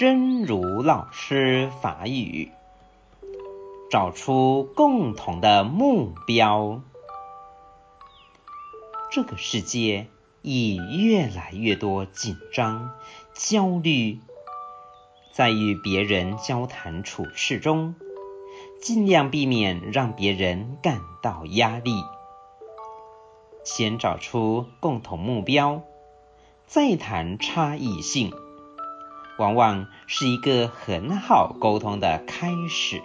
真如老師法語，找出共同的目標。這個世界已越來越多緊張、焦慮，在與別人交談處事中，盡量避免讓別人感到壓力。先找出共同目標，再談差異性。往往是一個很好溝通的開始。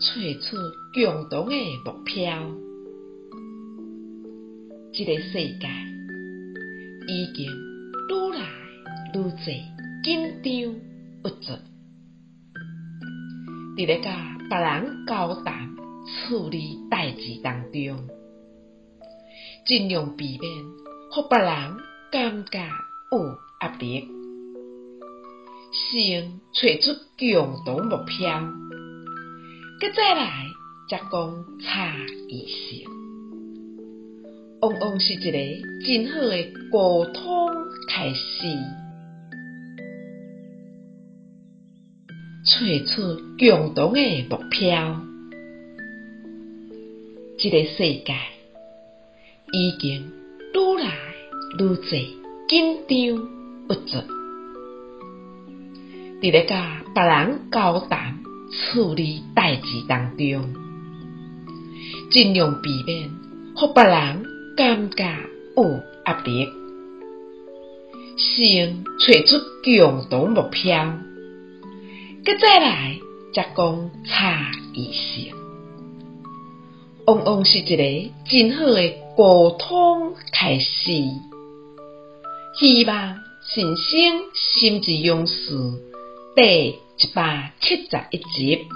提出了共同的目標，一、這個世界已經愈來愈濟緊張、焦慮。佇個甲別人交談、處理代志當中，盡量避免予別人。尷尬有壓力，先找出共同目標，再來再來才講差異性，往往是一個真好的溝通開始。找出共同的目標，即、這個世界已經。多在緊張、不足，在甲別人交談、處理代誌當中，盡量避免給別人感覺有壓力，先找出共同目標，再再來再講差異性，往往是一個真好的溝通開始。希望新生，心之勇士第一百七十一集。